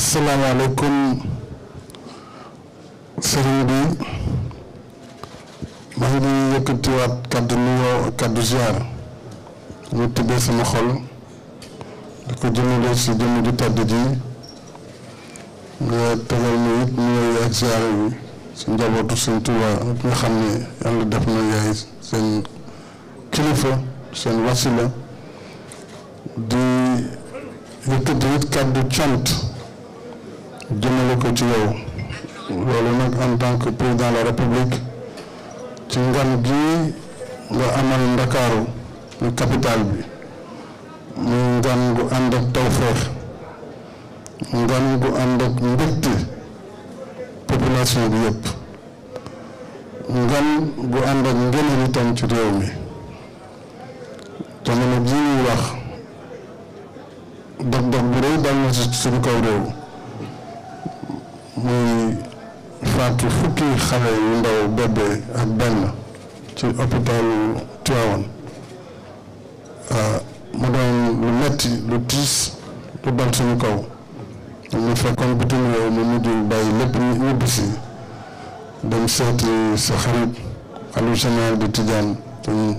asalaamaaleykum sëriñ bi maa ngi yëkkatiwaat kàddu nuyoo kàddu ziar ñu tibbee sama xol di ko jëmale si jëmm ju tedd ji nga tegal ma it nuyoo ak ziar bi si njabootu sëñ Tuubaa ak nga xam ne yàlla def na yaay seen kilifa seen wasila di yëkkati it kàddu cant jëmale ko ci yow loolu nag en tant président la république ci ngan gi nga amal ndakaaru lu capital bi muy ngan gu ànd ak tawfeex ngan gu ànd ak mbégte population bi yëpp ngan gu ànd ak ngëneel itam ci réew mi jamono ji ñuy wax dog dog bu rëy dal na ci suñu kaw réew muy faatu fukki xale yu ndaw bébé ak benn ci hôpitalu Tivaouane ah, mu doon lu metti lu tiis lu dal suñu kaw mu fekkoon bitim réew mu mujj bàyyi lépp ñibbisi dem seeti sa xarit xalifa général de suñ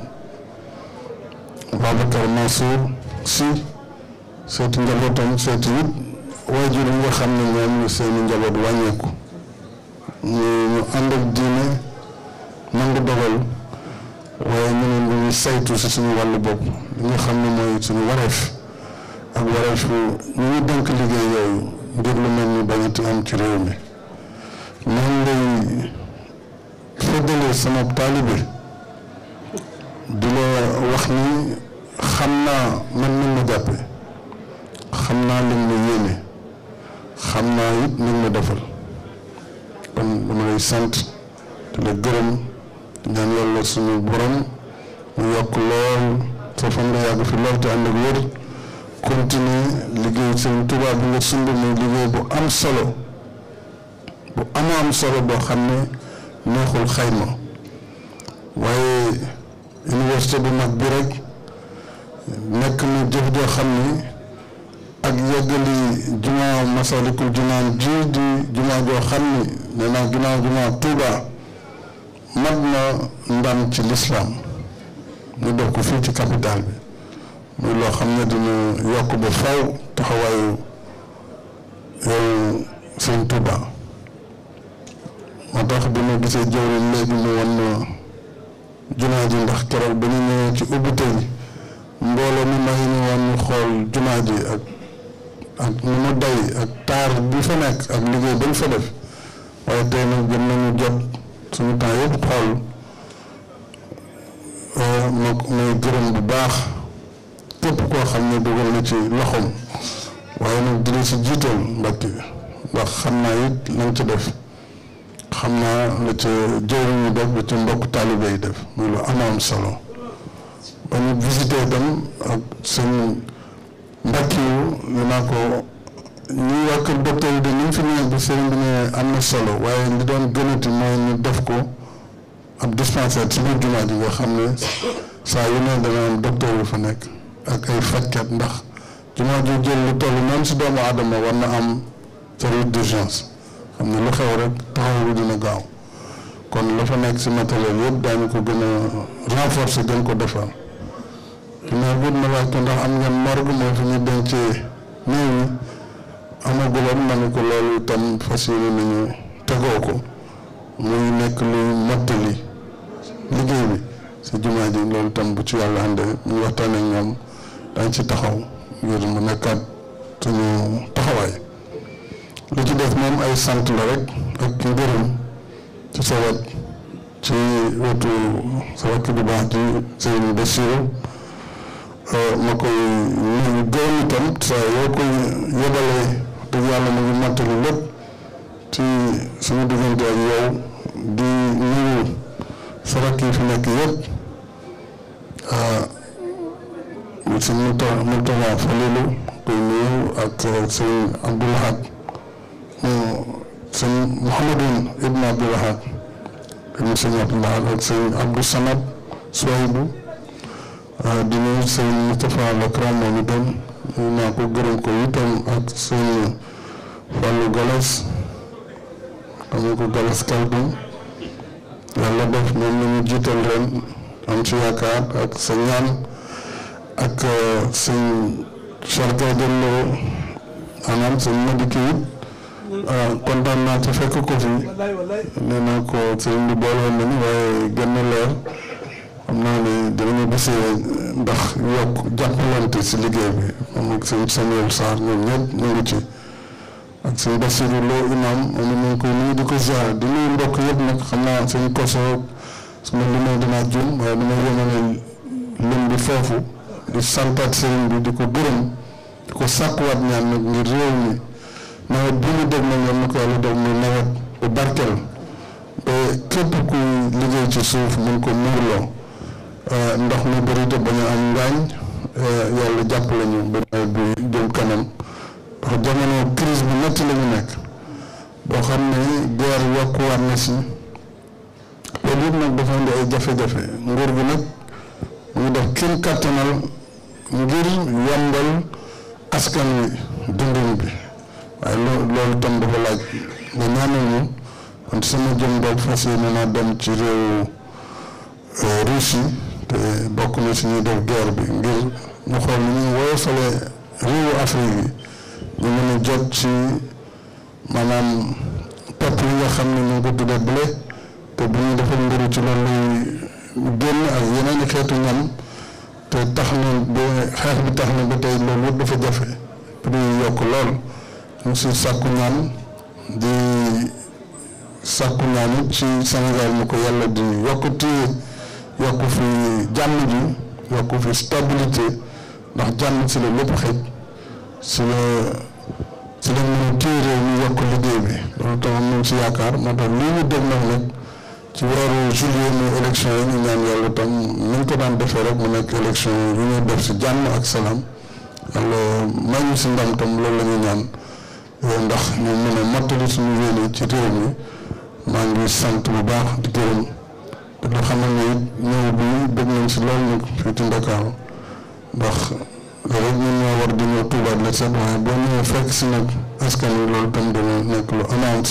Babacar Mansour si seeti njabootam seeti yëpp waajur yi nga xam ne ñoom seeni njaboot wàññeeku ñu ñu ànd ak diine nangu dogal waaye ñu ne ñu saytu si suñu wàllu bopp li xam ne mooy suñu wareef ak wareef ñu ñu dénk liggéey yooyu ngir lu mel ni bañati am ci réew mi man ngay feddalee sama taalibe di la wax ni xam naa man nañ ma xam naa leen ma yéene xam naa it ni ma defal kon dama lay sant te la gërëm ñaan yàlla suñu borom mu yokk lool sa fan nga yàgg fi lool te ànd ak wér continuer liggéey seen tubaab bi nga sumb liggéey bu am solo bu amoo am solo boo xam ne neexul xayma waaye université bu mag bi rek nekk na jëf joo xam ne ak yeggali jumaa Masalikul Jinaan ji di jumaa joo xam ni nee naa ginnaaw jumaa Tuuba mat na ndam ci lislaam ñu def fii ci capital bi muy loo xam ne dina yokk ba faw taxawaayu yow sëñ Tuuba moo tax bi ma gisee jëwriñ léegi mu wan jumaa ji ndax keroog ba ñu ñëwee ci ubbite bi mbooloo mi may xool jumaa ji ak ak nu mu day ak taar bi fa nekk ak liggéey bañ fa def waaye tey nag gën nañu jot suñu temps yëpp xool ma may gërëm bu baax képp koo xam ne dugal na ci loxoom waaye nag dina ci jiital mbàkk ndax xam naa it lañ ci def xam naa la ca jëriñu def la ca mbokk taalibe yi def muy lu amoon solo ba ñu visité dem ak seen Mbackiou ñu naa ko ñu waa kër docteur yi de ni mu fi nee bu sëriñ bi ne am na solo waaye li doon gënati mooy nu def ko ab dispensaire si biir jumaa ji nga xam ne saa yu ne dana am docteur bu fa nekk ak ay fajkat ndax jumaa yi jël lu toll même si doomu aadama war na am service d'urgence xam ne lu xew rek taxaw bi dina gaaw kon la fa nekk si matériel yëpp daañu ko gën a gën ko defar mais bu ma laajte ndax am ngeen morgue mooy fi ñu dencee néew yi amaguloon ma ne ko loolu tam fas yéene nañu tegoo ko muy nekk luy mottali liggéey bi si jumaa ji loolu tam bu ci yàlla ànde bu ñu waxtaanee ak ñoom dañ ci taxaw ngir mu nekkaat suñu taxawaay lu ci def moom ay sant la rek ak ngërëm ci sawat ci wetu sawat ki bu baax ci Sëriñ Basiru Euh, ma koy nuyu gërëm itam saa koy yebalee dëgg yàlla mu ngi mottali lépp ci sama diggante ak yow di nuyu sa rakk nekk yëpp si ah, Moustapha Moustapha koy nuyu ak sëñ Abdoul Ahad sëñ Mouhamadoun Ibn Abdoul Ahad ibn sëñ Abdoul Ahad ak sëñ Abdou Samad Souaïbou waaw ah, di nuyu sëñ Moustapha Lakram moom itam naa ko gërëm ko itam ak sëñ Fallou Galas xamee ko Galas Kaltum yàlla def moom la ñu jiital ren am ci yaakaar ak sa ñaan ak ah, sëñ Charga Diallo maanaam sëñ Madické ah, kontaan naa ci fekk ko fi nee naa ko sëñ bi boole woon nañu waaye leer. naa ne dinañu gisee ndax yokk jàppalante si liggéey bi moom ak sëñ Samuel Sarr ñoom ñëpp ñu ngi ci ak sëñ Bassirou Lo imam moom ñu ngi di ko ziar di nuyu mbokk nag xam naa su ma limee dinaa jëm waaye lim bi foofu di santaat sëriñ bi di ko gërëm di ko sàkkuwaat ñaan nag ngir réew mi nawet bi ñu dégg nag yàlla na ko yàlla def muy nawet ku barkeel képp kuy liggéey ci suuf mun ko muurloo Euh, ndox mi bëri te bañ a am ngaañ euh, yàlla jàppale ñu ba nawet jëm kanam ndax jamono crise bu métti la ñu nekk boo xam ne guerre yokkuwaat na si loolu yëpp nag dafa indi ay jafe-jafe nguur gi nag mu def kenn kàttanal ngir yombal askan wi dundin bi waaye loolu tam dafa laaj nga ñaanal ñu sama jëm boog fas yéene naa dem ci réew euh, Russie bokk na ci ñuy def guerre bi ngir ñu xool ni ñuy woyofalee réewu Afrique yi ñu mën a jot ci maanaam pepp yi nga xam ne ñu ngi ko tuddee blé te bu ñu defal mburu ci loolu génn ak yeneen xeetu ñam te tax na tax na ba tey loolu dafa jafe prix yokk lool ñu si sàkku ñaan di sàkku ñaan ci Sénégal mu ko yàlla di yokk téye yokk fi jàmm ji yokk fi stabilité ndax jànn si la lépp xëj si la si la mën a téye mi yokk liggéey bi loolu tamit si yaakaar moo tax lii ñu ci weeru juillet muy élection yi ñu ñaan yàlla tam ni ñu ko daan defee rek mu nekk élection yu ñuy def si jànn ak salaam yàlla may ñu si ndam tam loolu la ñu ñaan ndax ñu mën a suñu yéene ci réew mi maa ngi sant bu baax di gërëm te xam ne si loolu ñu fii ci Ndakaaru ndax rek ñun ñoo war di ñëw Touba la set waaye boo ñëwee fekk si nag askan wi loolu tam dina nekk lu am am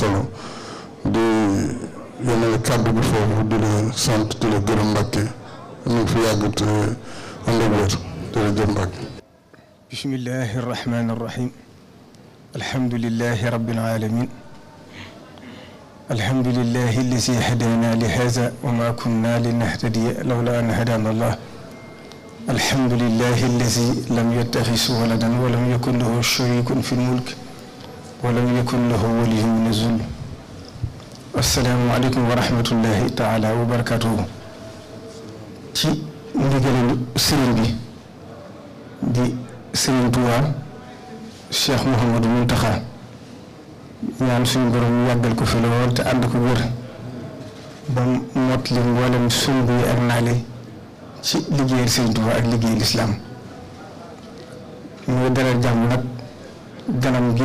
di yónnee kàddu bi foofu di la sant di la gërëm Mbàkke ñu fi yàgg te ànd ak wér jërëjëf Mbàkke bismillahi rahmaani rahim alhamdulillahi rabbil alamin alhamdulillahi allazi hadaana li haza wa ma kunna linahtadiya lawla an hadaana allah alhamdulillahi allazi lam yattaxis waladan wa lam yakun lahu sharikun fi lmulk wa lam yakun lahu waliyyun min az-zulm assalaamu aleykum wa rahmatullahi taala wa barakatuhu ci ndigalal sëriñ bi di sëriñ Tuubaa Cheikh Mouhamadou Mountakha ñaan suñu borom yàggal ko fi lool te ànd ko wér ba mot li mboolem sumb yi ak naale ci liggéeyal Sëriñ Tuubaa ak liggéey lislaam muy dalal jàmm nag ganam gi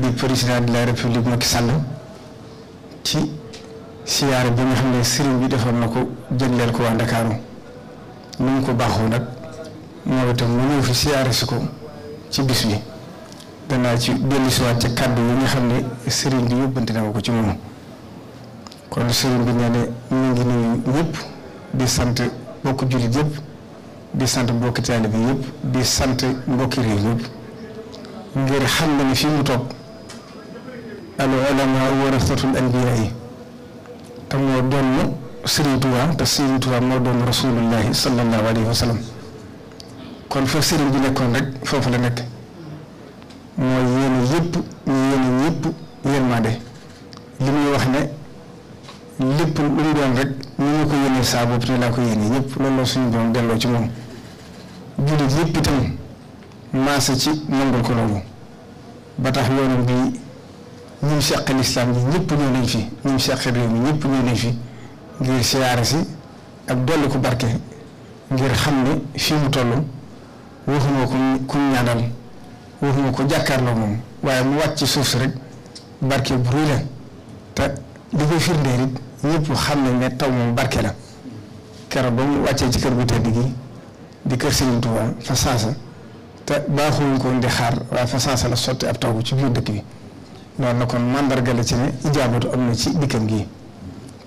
di président de la république Macky Sall ci siyaare bi nga xam ne sëriñ bi defoon na ko jëndeel ko waa Ndakaaru ni mu ko baaxoo nag moo itam mu ñëw fi siyaare si ko ci bis bi danaa ci dellusiwaat ci kàddu yi nga xam ne sëriñ bi yóbbante na ko ci moom kon sëriñ bi nee ne mu ngi nuyu ñëpp di sant mbokk jullit yëpp di sant mbokki taalibe yëpp di sant mbokki réew yëpp ngir xam na ni fii mu toog al ulamaa warasatul anbiyaa yi te moo doon sëriñ Tuubaa te sëriñ Tuubaa moo doon rasulullahi sallallahu alayhi wa kon fa sëriñ bi nekkoon rek foofu la nekk mooy yéen yëpp yéen ñëpp yërmande li muy wax ne lépp lu mu doon rek ni ñu ko yéene saa bopp te laa ko yéene ñëpp loolu la suñu doon delloo ci moom jullit yëpp itam maasa ci nangul ko loolu ba tax yoonam bi ñim seqe lislaam yi ñëpp ñëw nañ fi ñim seqe réew mi ñëpp ñëw nañ fi ngir siyaare si ak dolli ko barke ngir xam ne fii mu toll waxuñoo ko ku ñaanal waxuñu ko jàkkaarloo moom waaye mu wàcc ci suuf si rek barke bu rëy te li koy firndeel it ñëpp xam nañ ne taw moom barke la keroog ba mu wàccee ci kër gu tedd gi di kër Serigne Touba fa saasa te baaxuñu koon di xaar waaye fa saasa la sotti ab taw bi ci biir dëkk bi noonu la kon mandarga la ci ne ijaabatu am na ci dikkam gi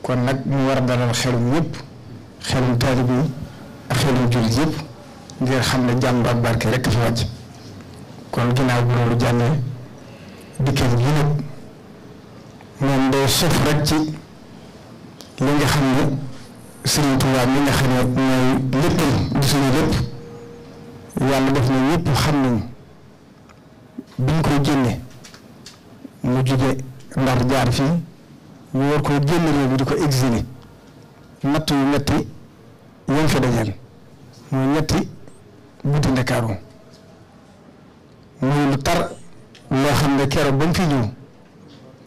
kon nag mu war a dalal xelum ñëpp xelum taalib yi ak xelum jullit yëpp ngir xam ne jàmm ak barke rek fi wàcc. kon ginnaaw bi loolu jàllee dikkam gi moom day sof rek ci li nga xam ne Sëriñ Tuubaa mi nga xam ne mooy léppam di suñu lépp yàlla def na ñépp xam nañ biñ koy génne mu jóge Ndar jaar fii ñu war koo génne réew mi di ko exilé natt yu ñetti yam fa dajal mu ñetti guddi Ndakaaru muy lu tar loo xam ne keroog ba mu fi ñëw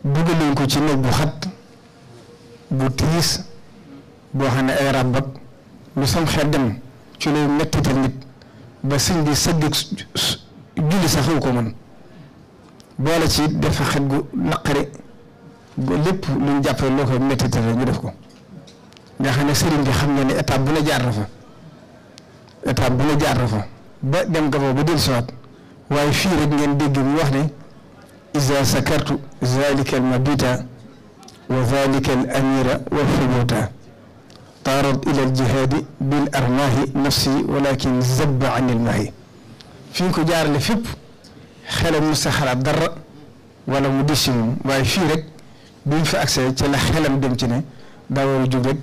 dugg nañ ko ci néeg bu xat bu tiis boo xam ne ay ràbbak lu sam xel dem ci lu mettital nit ba sëñ gi sëgg julli sax xaw ko mën boole ci dafa xet gu naqari ba lépp lu ñu jàppee loo ko mettital ñu def ko nga xam ne sëriñ bi xam ne ne étape bu la jaar na fa étape bu ne jaar na fa ba dem nga fa ba dellusiwaat waaye fii rek ngeen dégg mu wax ne iza sakartu zalika al mabita wa zalika al amira wa fubuta taarat ila al jihaadi bil armahi nafsi walakin zabba an il mahi fi ko jaarale fépp xelam mu sa xalaat dara wala mu dis ci moom waaye fii rek bi mu fi accès ci la xelam dem ci ne daa war a jug rek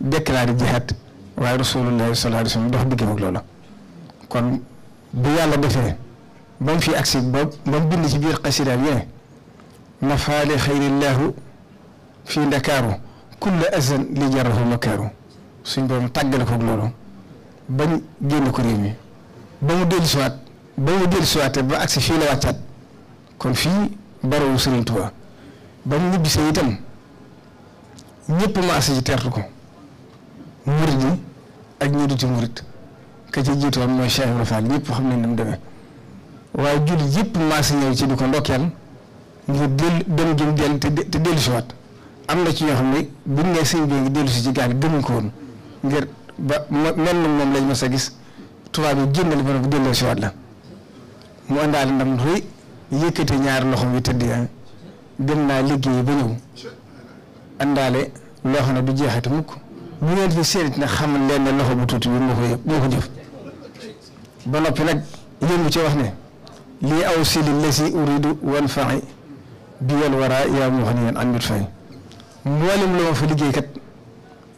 déclaré jihaad waaye rasulullahi sallallahu alayhi wa sallam dox diggam ak loola kon bu yàlla defee ba mu fi agsi ba ba mu bind ci biir xasida bi ne nafaale xayrillaahu fii ndakaaru kulla azan li jarahu makaaru suñ borom tàggale ko loolu bañ génn ko réew mi ba mu dellu siwaat ba mu dellu siwaatee ba agsi fii la wàccaat kon fii barawu Sëriñ Tuubaa ba mu ñibbisee itam ñëpp maase ci teertu ko murit yi ak ñi du ci murit ka ca jiitoon mooy Cheikh Ibrahima Fall ñëpp xam nañ ne mu demee waaye jullit yépp maase ñëw ci di ko ndokkeel ngir del dem jëm dell te dellusiwaat am na ci ñoo xam ne buñ nee sëñ bi ngi dellusi ci gaal gëmuñ ko woon ngir ba mel na moom lañ mas a gis tubaab yi jëndal ba nag dellusiwaat la mu àndaale ndam rëy yëkkate ñaari loxoom yi tëdd yaa dem naa liggéey ba ñëw àndaale loo xam ne du jeexati mukk bu ngeen fi séenit nag xam leen ne loxo bu tuuti bi moo ko moo ko jëf ba noppi nag yëngu ci wax ne lii aw si li lesi uridu wan faxi bi wal waraa yaa mu wax ni am nit fay mboolem la ma fa liggéey kat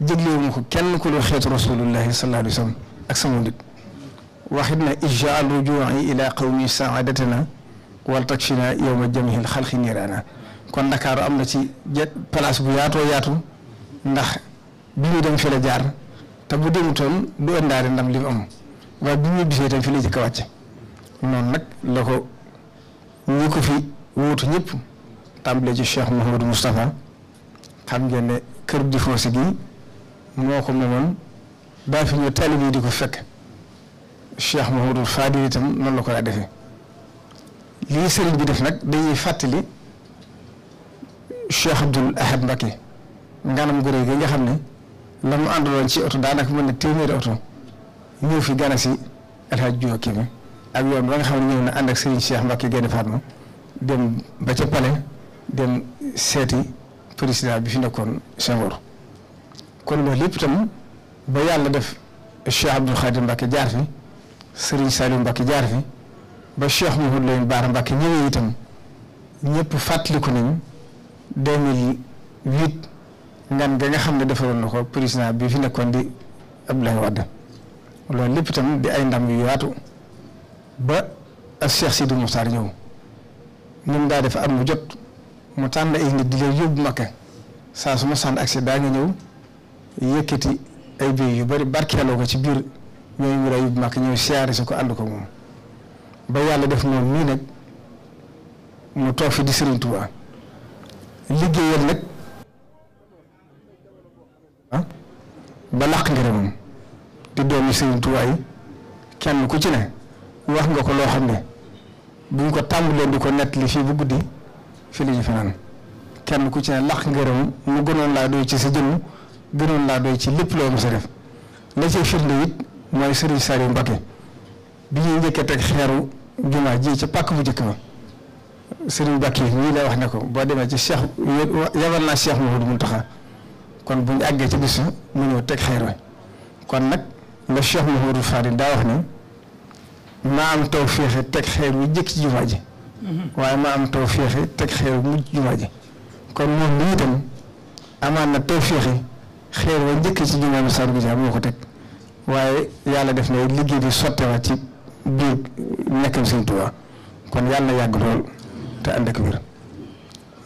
jëgleewuma ko kenn ku lu xeetu rasulullahi sallallahu alayhi wa sallam ak sama nit waxit na ijjaal rujuu'i ila qawmi saadatana wal takfina yowma jamihil xalqi niiraana kon Dakar am na ci je place bu yaatoo yaatu ndax bi ñu dem fi la jaar te bu demutoon du ëndaari ndam li mu am waaye bi ñu bisee tam fi la jëkk a wàcc noonu nag la ko ñi ko fi wuutu ñëpp tàmbale ci Cheikh Mouhamadou Moustapha xam ngeen ne kër di foosi gi moo ko moomoon daa fi ñu taalibe yi di ko fekk Cheikh Mouhamadou Fadil itam noonu la ko laa defee lii sëriñ bi def nag dañuy fàttali Cheikh Abdoul Ahad Mbacké nganam gure gi nga xam ne la mu àndaloon ci oto daanaka mën na téeméeri oto ñëw fi gana si El Hadj Diouf ak yoon ba nga xam ne ñëw na ànd ak Serigne Cheikh Mbacke Gaïndé Fatma dem ba ca Palais dem seeti président bi fi nekkoon Senghor kon loolu lépp itam ba yàlla def Cheikh Abdoul Khadim Mbacke jaar fi Serigne Saliou Mbacke jaar fi ba Cheikh Mouhamadou Lamine Bara Mbacke ñëwee itam ñëpp fàttaliku nañu 2008 ngan ga nga xam ne defaroon na ko président bi fi nekkoon di Abdoulaye Wade loolu lépp itam di ay ndam yu yaatu. ba ak Cheikh Sidi Moukhtar ñëw ni mu daa def at mu jot mu tànn ay nit di leen yóbbu Makka saa su ma sànn agsi daa ngi ñëw yëkkati ay béy yu bari barkeeloo ko ci biir ñooy ñu daa yóbbu Makka ñëw siyaare si ko ànd ko moom ba yàlla def moom mii nag mu toog fi di Serigne Touba liggéeyal nag ah, ba làq ngërëmam di doomi Serigne Touba yi kenn ku ci ne wax nga ko loo xam ne buñ ko tàng leen di ko nett nettali fii bu guddi fii la fanaan kenn ku ci ne laq ngërëm mu gënoon laa doy ci sa jëmm gënoon laa doy ci lépp loo mos a def la cee firnde it mooy Serigne Saliou Mbacké bi ñuy njëkkee teg xeeru jumaa ji ci pàkk bu njëkk ba Serigne Mbacké ñii lay wax ne ko boo demee ci Cheikh yabal naa Cheikh mu taxa kon bu ñu àggee ci bis mu ñëw teg xeer kon nag la Cheikh Mouhamadou Fadi daa wax ne. maa am taw féexe teg xeer mu jëkk ci jumaa ji waaye maa am taw féexe teg xeer mu mujj jumaa ji kon moom li itam amaan na taw féexe xeer wa njëkk ci jumaa bi Sadio Dia moo ko teg waaye yàlla def na liggéey di sottewaat ci biir nekkam Sëñ Tuubaa kon yàlla na yàgg lool te ànd ak wér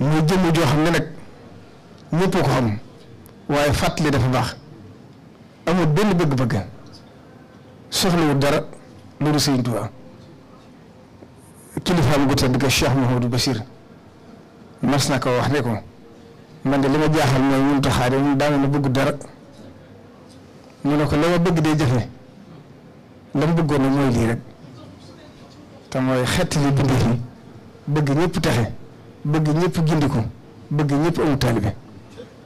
muy jëmm joo xam ne nag ñëpp ko xam waaye fàttali dafa baax amul benn bëgg-bëgg soxlawul dara. loolu Sëriñ Tuubaa kilifaam gu tedd ga Cheikh Mouhamadou Bachir mas na ko wax ne ko man de li ma jaaxal mooy ñun taxaare ñun daanu na bëgg dara mu ne ko la ma bëgg dee jafe la mu bëggoon na mooy lii rek te mooy xett li bindi fi bëgg ñëpp texe bëgg ñëpp gindiku bëgg ñëpp amu taalibe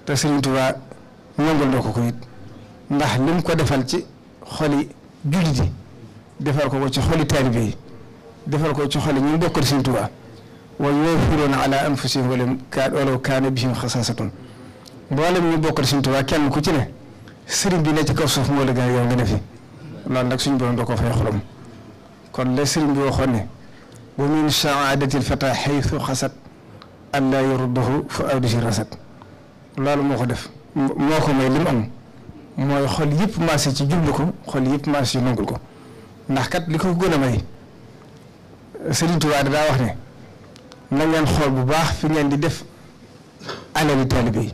te Sëriñ Tuubaa nangal na ko ko it ndax li mu ko defal ci xoli jullit yi defal ko ci xoli taalibe yi defal ko ci xoli ñu bokkal Sëriñ Tuubaa wa yu'aafiruuna ala anfusihim walaw kaana bihim xasaasatun mboolem ñu bokkal Sëriñ Tuubaa kenn ku ci ne bi ne ci kaw suuf moo la gën a yow nga ne fi loolu nag suñu borom da koo fay kon la sëriñ bi waxoon ne wa min saadati lfata xaytu xasat an laa yuruddahu fa awdihi rasat loolu moo ko def moo ko may li mu am mooy xol yëpp maas ci jublu ko xol yëpp maas yi nangul ko ndax kat li ko gën a may Serigne Touba daa wax ne na ngeen xool bu baax fi ngeen di def alali taalibe yi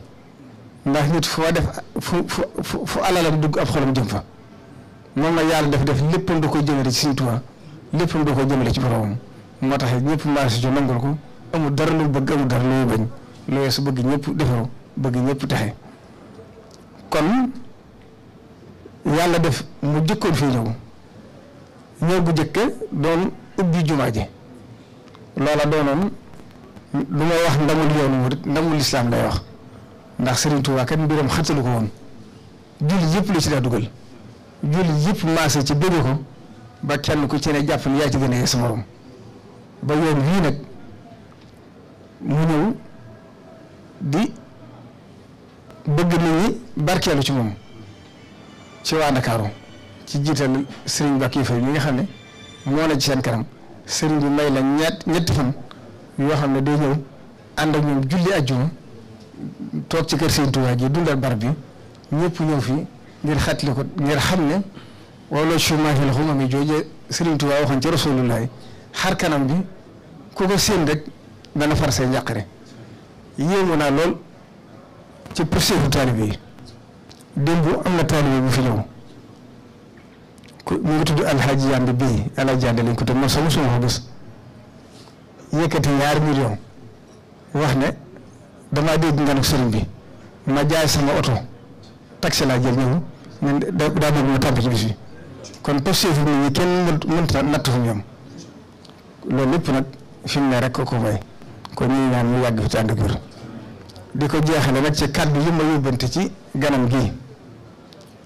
ndax nit foo def fu fu fu alalam dugg ab xolam jëm fa moom la yàlla def def léppam da ko jëmale ci Serigne Touba léppam da ko jëmale ci boromam moo tax ñëpp maa si jo nangul ko amul dara lu bëgg amul dara lu bañ loolu su bëgg ñëpp defaru bëgg ñëpp taxe kon yàlla def mu jëkkoon fii ñëw ñoo bu jëkk doon ubbi jumaa ji loola doonoon lu may wax ndamul yoonu murit ndamul islaam lay wax ndax Serigne Touba kat mbiram xattalu ko woon jullit yëpp li ci daa dugal jullit yëpp maase ci bëgg ko ba kenn ku ci ne jàpp ne yaa ci gën a yees morom ba yoon wii nag mu ñëw di bëgg nit ñi barkeelu ci moom ci waa Ndakaaru ci jiital Serigne Bakio Faye mi nga xam ne moo la ci seen kanam Serigne bi may la ñett ñetti fan yoo xam ne day ñëw ànd ak ñoom julli àjjuma toog ci kër Serigne Touba ji dundal barab bi ñëpp ñëw fi ngir xatli ko ngir xam ne wala chuma fi la xuma mi jooje Serigne Touba waxoon ci Rasulullahi xar kanam bi ku ko séen rek dana far say njàqare yéemu naa lool ci procédu taalibe yi démb am na taalibe bu fi ñëw. mu ngi tudd alxaaji yàmbi bii alxaaji yàmbi lañ ko te moom sax mosuma ko gis yëkkati ñaari million wax ne damaa dégg nga nag sëriñ bi ma jaay sama oto taxi laa jël ñëw man daa bëgg ma tàmb ci bis bi kon posté fi nit ñi kenn mënta natt fu ñoom loolu lépp nag fi mu ne rek ko ko may kon ñu ngi ñaan mu yàgg fi ci ànd ak di ko jeexale nag ci kàddu yi ma yóbbante ci ganam gii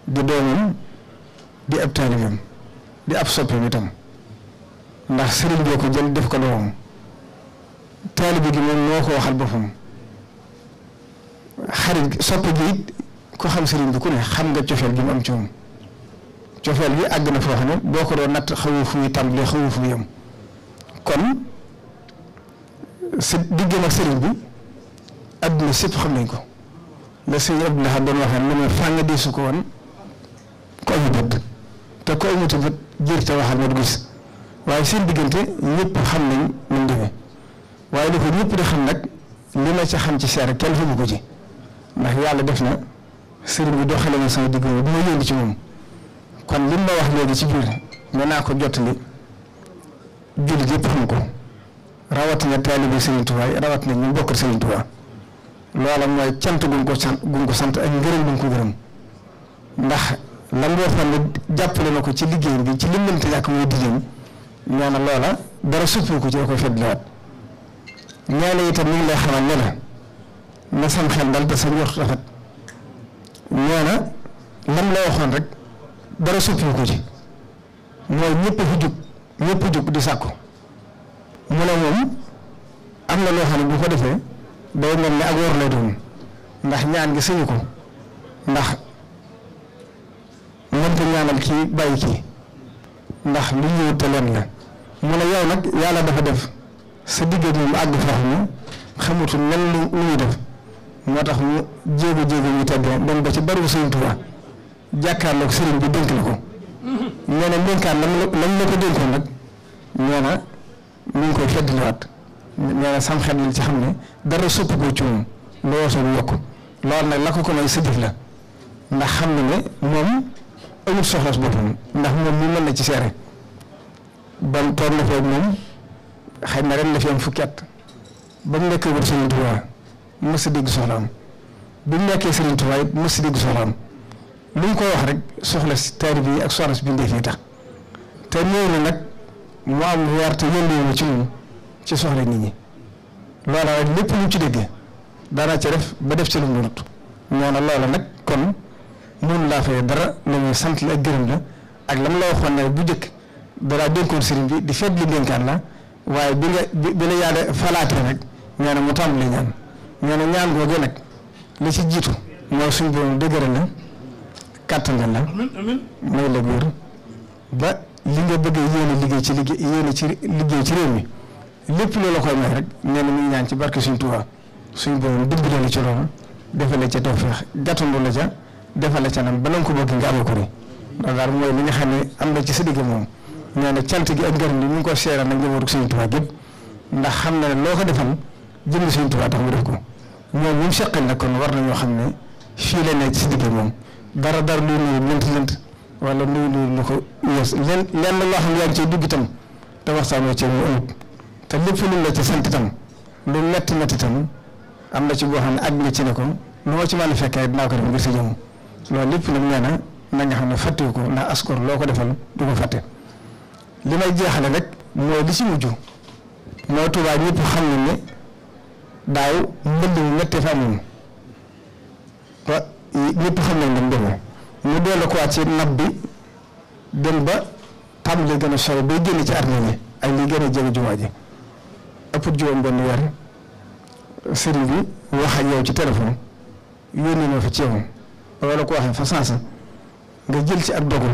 di doomam di ab taalibeem di ab soppeem itam ndax sëriñ boo ko jël def ko moom taalibe gi moom moo ko waxal boppam xarit soppe gi it ko xam sëriñ bi ku ne xam nga cofeel gi mu am ci moom cofeel gi àgg na foo xam ne boo ko doon natt xawu fu muy tàmbalee xawu fu muy yem kon si diggam ak sëriñ bi adduna sépp xam nañ ko la sëriñ xam Lahad doon waxee ne ma fànga di su ko woon ko ñu bët te ko amatu bët jër te waxal ma du gis waaye seen diggante ñépp xam nañ mun demee waaye li ko ñëpp di xam nag li ma ca xam ci seer kenn fa ko ci ndax yàlla def na sëriñ bi doxale na sama digg bi ma yónni ci moom kon li ma wax léegi ci biir mën naa ko jottali jullit yëpp xam ko rawat rawatina taalibe Sëriñ Tuubaa yi rawatina ñu bokk Sëriñ Tuubaa loola mooy cant gu ko sant gu ko sant ak ngërëm gu ko gërëm ndax la nga na ne jàppale na ko ci liggéey bi ci lim mënta ñàkk mooy diggéen nee na loola dara suppi ko ci da koy fedliwaat ñaane itam ñu ngi lay xamal ne la na sam xel dal te sa njort rafet nee na lam la waxoon rek dara suppi ko ci mooy ñëpp fi ñépp ñëpp jug di sàkku mu ne moom am na loo xam ne bu ko defee day mel ni ak wor na doon ndax ñaan gi sëñu ko ndax mënta ñaanal kii bàyyi kii ndax lu ñëw te la mu ne yow nag yàlla dafa def sa diggante mu àgg foofu mu xamutul nan lu muy def moo tax mu jéego jéego ñu tedd dem ba ci bariwul Sëriñ Tuubaa jàkkaarloog bi dénk la ko nee na dénkaan lam la ko nag nee na mu ngi koy feddliwaat nee na sam xel lañ ci xam ne dara supp ko ci moom loo soo yokk loolu nag la ko ko may sëddif la ndax xam na ne moom amul soxla si boppam ndax moom mu mën na ci seere ba toog na feeg moom xëy na ren la fi am fukki at ba mu nekkee wër Serigne Touba mës a dégg soxlaam bi mu nekkee Serigne it mës a dégg soxlaam mu ko wax rek soxla si taari bi ak soxla si bindee yi tax te loolu nag mu am weer te yëngu ci ñun ci soxla nit ñi loola lépp lu mu ci déggee daanaa ci def ba def ci lu mu mënut. ñoo na loola nag kon. mënu laa fay dara lu sant la ak gërëm la ak la mu la waxoon ne bu njëkk dalaa dénkoon sëriñ bi di fedd li dénkaan la waaye bi nga bi la yàlla falaatee nag nee na mu tàmbali ñaan nee na ñaan googu nag li ci jiitu mooy suñu borom dëgëral la kàttangal la may la góor ba li nga bëgg yéen ci liggéey yéen ci liggéey ci réew mi lépp loola koy may rek nee na mu ñaan ci barke suñu Tuubaa suñu borom dimbali la ci loolu defal la ca tawfeex gàttandu la ca defal la ca nam ba na nga ko bëgg nga amee ko ni li nga xam ne am na ci sa digg moom nee na cant gi ak ngërëm ni ñu ngi ko seeral nag njabootu Sëriñ Tuubaa gépp ndax xam na ne ko defal jënd Sëriñ Tuubaa tax mu ko moom mu seqal nag kon war nañoo xam ne fii la nekk ci moom dara dara luy nuyu lënt lënt wala luy nuyu lu ko wees lenn lenn loo yaa ngi cee dugg te waxtaanoo cee mu ëpp te lépp lu la ci sant itam lu metti metti itam am na ci boo xam ne àgg nga ci ne ko lu ma ci mën a fekkee dinaa ko def ngir sa jëmm loolu lépp nag nee na na nga xam ne fàttewu ko ndax askor loo ko defal du ko fàtte li may jeexale rek mooy li ci mujj mooy Tuubaa ñëpp xam nañ ne daaw mbënd mu méttee fa amoon wa ñëpp xam ko ci nab bi dem ba tàmbali gën a solo bay génn ci armée ak li gën a jege jumaa ji ëpp juróom benn weer sëriñ bi wax yow ci téléphone yónnee ma fa ci yow wala ko waxee fa sa nga jël ci ak dogul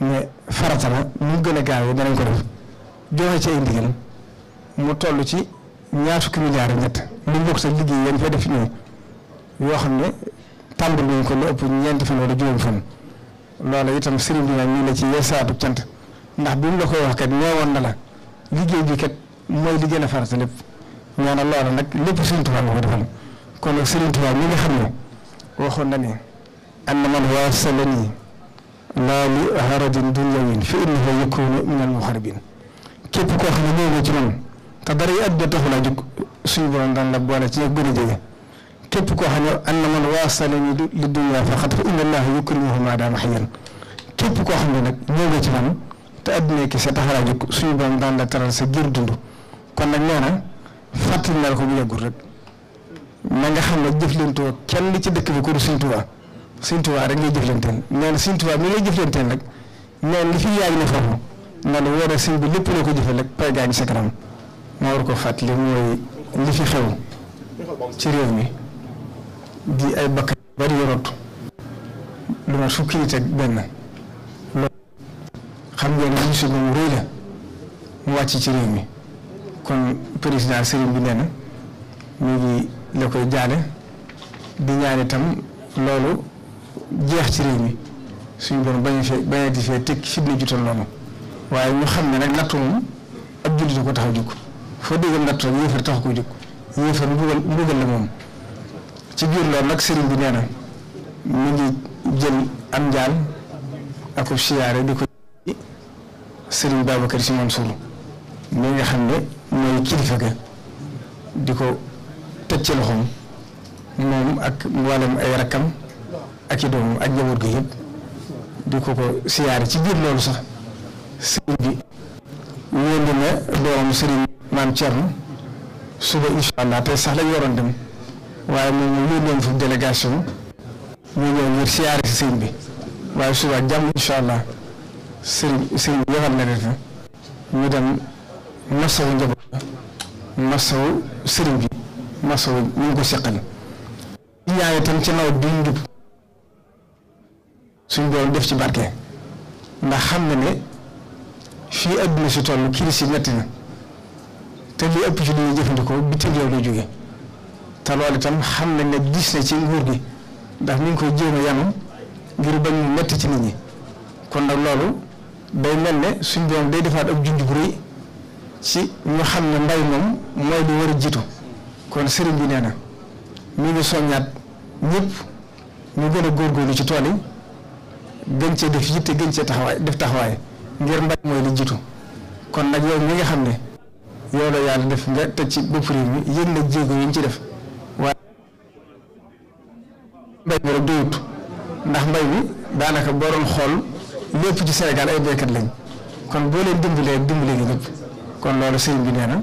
ne farata la mu gën a gaawee danañ ko def joxe ci ay ndigal mu toll ci ñaar fukki milliards ñett mu bokk sa liggéey yéen fay def ñoo yoo xam ne tàmbali nañ ko lu ëpp ñeent fan wala juróom fan loola itam sëriñ bi nag ñu la ci saatu cant ndax bi mu la koy wax kat neewoon na la liggéey bi kat mooy li gën a farata lépp na loola nag lépp Sëriñ Tuubaa nga ko defal kon Sëriñ Tuubaa mi nga xam ne waxoon na ne anna man waasalani laa li harajin dunyawin fa innahu yakunu min al muharibin képp koo xam ne ñëw ci man te dara yi àddina taxul a jóg suñu borom daan la boole ci ñëpp gën a jege képp koo xam ne anna man waasalani li dunya faqat fa inna allaha yukrimuhu ma daama xayyan képp koo xam ne nag ñëw ci man te àddina kese taxul a jóg suñu borom daan la taral sa gër dund kon nag nee na fàttali naa ko bu yàggul rek. na nga xam ne jëflantoo kenn ci dëkk bi ku dul Sëñ Tuubaa Sëñ rek ngay jëflanteen nee na Sëñ mi ngay jëflanteen rek nee na li fi yaay ne foofu nee na wóor sëñ bi lépp loo ko jëfee rek pay gaa ngi sa kanam ma war ko fàttali mooy li fi xew ci réew mi di ay bakkan bari yorot lu ma fukki nit ak benn loolu xam ngeen ne musiba mu ruy la mu wàcc ci réew mi kon président sëriñ bi nee na ngi la koy jaale ñaan itam loolu jeex ci réew mi suñ borom bañ a fee bañ a di fee teg fitna jutal noonu waaye ñu xam ne nag nattu moom ab jullit ko tax a jóg foo déggal nattu rek yéefar tax ko jóg yéefar mbugal mbugal la moom ci biir loolu nag sëriñ bi nee na mu ngi jël am njaal ak siyaare di ko sëriñ Babacar Si Mansour mi nga xam ne mooy kilifa ga di ko teg ci loxoom moom ak mboolem ay rakkam ak i doomam ak njaboot gi yëpp di ko ko siyaare ci biir loolu sax sëriñ bi wóolu na doomam sëriñ maam sax lañu waroon dem waaye moom mu yónnoon fu délégation ngir siyaare si sëriñ bi waaye suba jàmm incha allah sëriñ sëriñ yebal na leen fa dem masawu njaboot masawu sëriñ bi masawu mu ngi ko seqal. yaa ci nawet bi ñu jub suñ borom def ci barke ndax xam na ne fii àdduna si toll crise yi metti na te li ëpp ci li ñuy jëfandikoo bitim réew lay jóge te loolu itam xam nañ ne gis na ci nguur gi ndax mi ngi koy jéem a ngir bañ mu metti ci nit ñi kon nag loolu day mel ne suñ borom day defaat ak junj bu rëy ci ñu xam ne mbay moom mooy lu war a jiitu. kon sëriñ bi nee na mi ngi soññaat ñëpp ñu gën a góorgóorlu ci tool yi gën cee def yitte gën cee taxawaay def taxawaay ngir mbay mooy li jiitu kon nag yow mi nga xam ne yow la yàlla def nga teg ci bopp réew mi yëg na jéego yi ñu ci def waaye mbay mi rek doyut ndax mbay mi daanaka boo doon xool lépp ci Sénégal ay béykat lañ kon boo leen dimbalee dimbale nga ñëpp kon loolu sëriñ bi nee na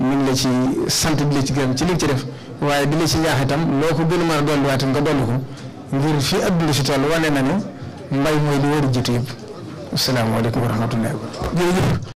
ñu la ci sant di la ci gërëm ci li ci def waaye di la ci ñaax itam loo ko gën a mën a tam nga dolli ko ngir fii lu si toll wane na mbay mooy li war a jiitu yëpp asalaamaaleykum wa rahmatulah. jërëjëf.